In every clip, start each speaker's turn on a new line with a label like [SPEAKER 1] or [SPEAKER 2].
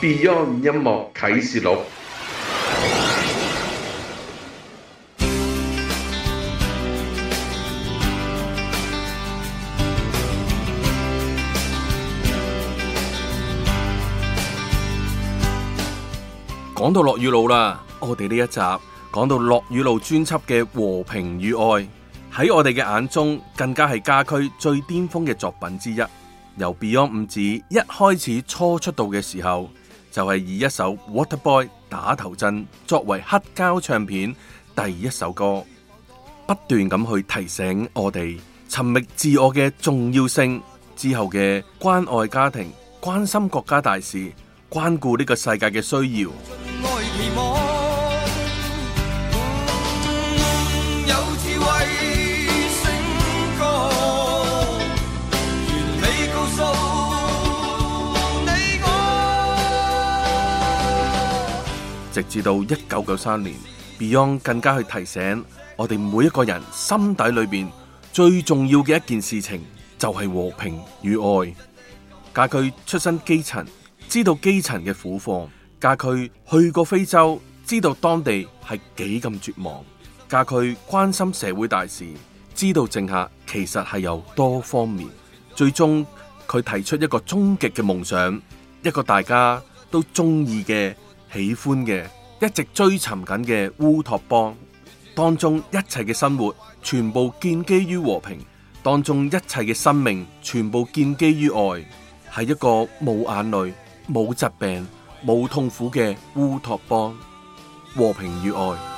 [SPEAKER 1] Beyond 音樂啟事錄。講到樂與怒啦，我哋呢一集講到樂與怒專輯嘅和平與愛，喺我哋嘅眼中更加係家駒最巔峰嘅作品之一。由 Beyond 五子一開始初出道嘅時候，就係以一首《Water Boy》打頭陣，作為黑膠唱片第一首歌，不斷咁去提醒我哋尋覓自我嘅重要性，之後嘅關愛家庭、關心國家大事、關顧呢個世界嘅需要。直至到一九九三年，Beyond 更加去提醒我哋每一個人心底裏邊最重要嘅一件事情就係和平與愛。嫁佢出身基層，知道基層嘅苦況；嫁佢去過非洲，知道當地係幾咁絕望；嫁佢關心社會大事，知道政客其實係有多方面。最終佢提出一個終極嘅夢想，一個大家都中意嘅，喜歡嘅，一直追尋緊嘅烏托邦當中，一切嘅生活全部建基於和平，當中一切嘅生命全部建基於愛，係一個冇眼淚、冇疾病、冇痛苦嘅烏托邦，和平與愛。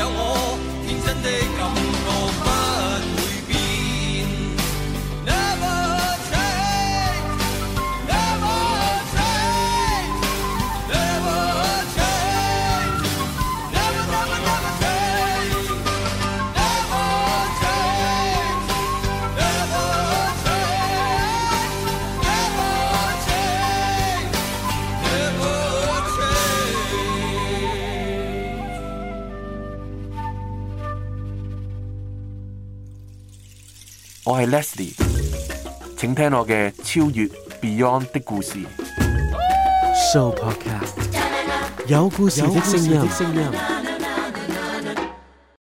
[SPEAKER 2] 有我，天真的感。
[SPEAKER 1] 我係 Leslie，請聽我嘅超越 Beyond 的故事。Sooo，有故事的聲音。